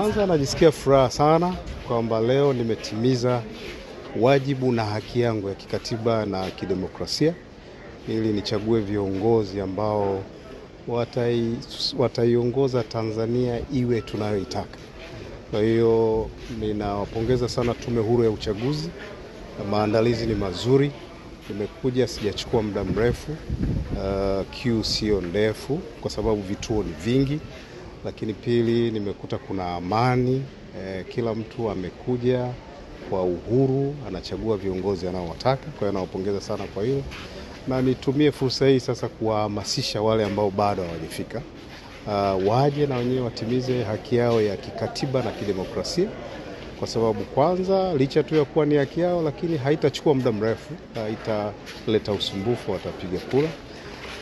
Kwanza najisikia furaha sana kwamba leo nimetimiza wajibu na haki yangu ya kikatiba na kidemokrasia ili nichague viongozi ambao watai, wataiongoza Tanzania iwe tunayoitaka. Kwa hiyo ninawapongeza sana Tume Huru ya Uchaguzi, maandalizi ni mazuri. Nimekuja sijachukua muda mrefu, uh, queue sio ndefu kwa sababu vituo ni vingi lakini pili, nimekuta kuna amani e, kila mtu amekuja kwa uhuru, anachagua viongozi anaowataka. Kwa hiyo nawapongeza sana kwa hilo, na nitumie fursa hii sasa kuwahamasisha wale ambao bado hawajafika uh, waje na wenyewe watimize haki yao ya kikatiba na kidemokrasia kwa sababu kwanza, licha tu ya kuwa ni haki yao, lakini haitachukua muda mrefu, haitaleta usumbufu, watapiga kura.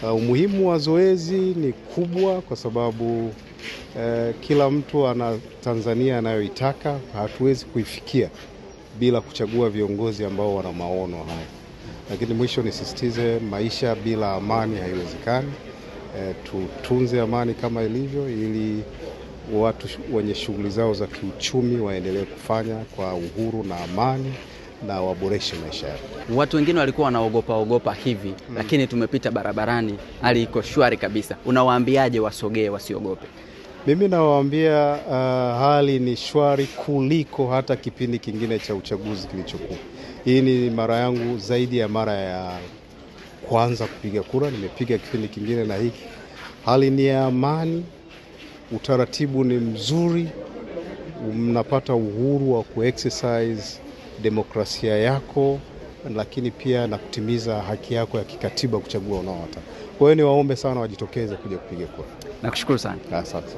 Uh, umuhimu wa zoezi ni kubwa kwa sababu uh, kila mtu ana Tanzania anayoitaka. Hatuwezi kuifikia bila kuchagua viongozi ambao wana maono haya, lakini mwisho nisisitize, maisha bila amani haiwezekani. Uh, tutunze amani kama ilivyo, ili watu wenye shughuli zao za kiuchumi waendelee kufanya kwa uhuru na amani na waboreshe maisha yao. Watu wengine walikuwa wanaogopa ogopa hivi mm. Lakini tumepita barabarani, hali iko shwari kabisa. Unawaambiaje wasogee wasiogope? Mimi nawaambia uh, hali ni shwari kuliko hata kipindi kingine cha uchaguzi kilichokuwa. Hii ni mara yangu zaidi ya mara ya kwanza kupiga kura, nimepiga kipindi kingine na hiki. Hali ni ya amani, utaratibu ni mzuri, mnapata uhuru wa kuexercise demokrasia yako, lakini pia na kutimiza haki yako ya kikatiba kuchagua unaowataka. Kwa hiyo waombe sana wajitokeze kuja kupiga kura. Nakushukuru sana. Asante.